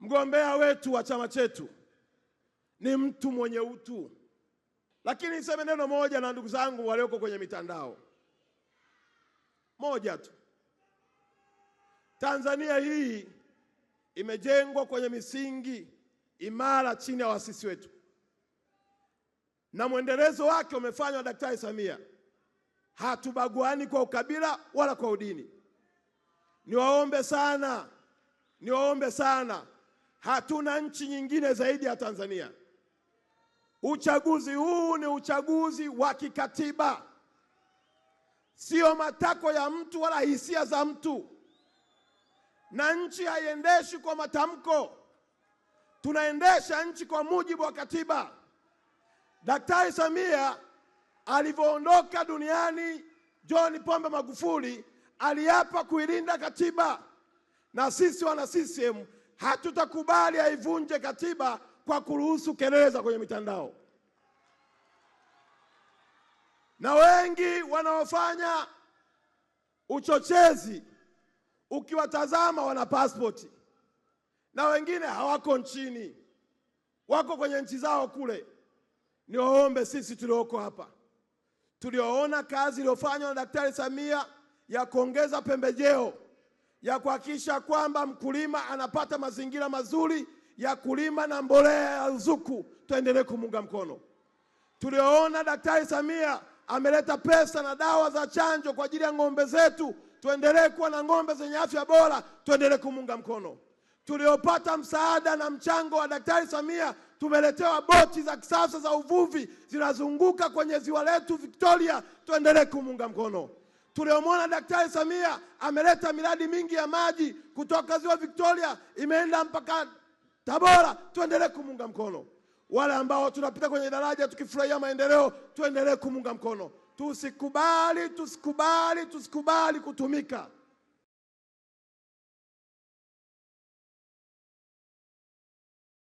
Mgombea wetu wa chama chetu ni mtu mwenye utu, lakini niseme neno moja na ndugu zangu walioko kwenye mitandao, moja tu. Tanzania hii imejengwa kwenye misingi imara chini ya waasisi wetu, na mwendelezo wake umefanywa Daktari Samia. Hatubaguani kwa ukabila wala kwa udini. Niwaombe sana, niwaombe sana Hatuna nchi nyingine zaidi ya Tanzania. Uchaguzi huu ni uchaguzi wa kikatiba, sio matakwa ya mtu wala hisia za mtu, na nchi haiendeshi kwa matamko. Tunaendesha nchi kwa mujibu wa katiba. Daktari Samia alivyoondoka duniani, John Pombe Magufuli aliapa kuilinda katiba, na sisi wana CCM Hatutakubali aivunje katiba kwa kuruhusu kelele za kwenye mitandao, na wengi wanaofanya uchochezi ukiwatazama wana pasipoti na wengine hawako nchini, wako kwenye nchi zao kule. Niwaombe sisi tulioko hapa tulioona kazi iliyofanywa na Daktari Samia ya kuongeza pembejeo ya kuhakikisha kwamba mkulima anapata mazingira mazuri ya kulima na mbolea ya ruzuku. Tuendelee kumunga mkono. Tulioona Daktari Samia ameleta pesa na dawa za chanjo kwa ajili ya ng'ombe zetu, tuendelee kuwa na ng'ombe zenye afya bora, tuendelee kumunga mkono. Tuliopata msaada na mchango wa Daktari Samia, tumeletewa boti za kisasa za uvuvi zinazunguka kwenye ziwa letu Victoria, tuendelee kumunga mkono. Tuliomwona Daktari Samia ameleta miradi mingi ya maji kutoka ziwa Victoria imeenda mpaka Tabora, tuendelee kumunga mkono. Wale ambao tunapita kwenye daraja tukifurahia maendeleo, tuendelee kumunga mkono. Tusikubali, tusikubali, tusikubali kutumika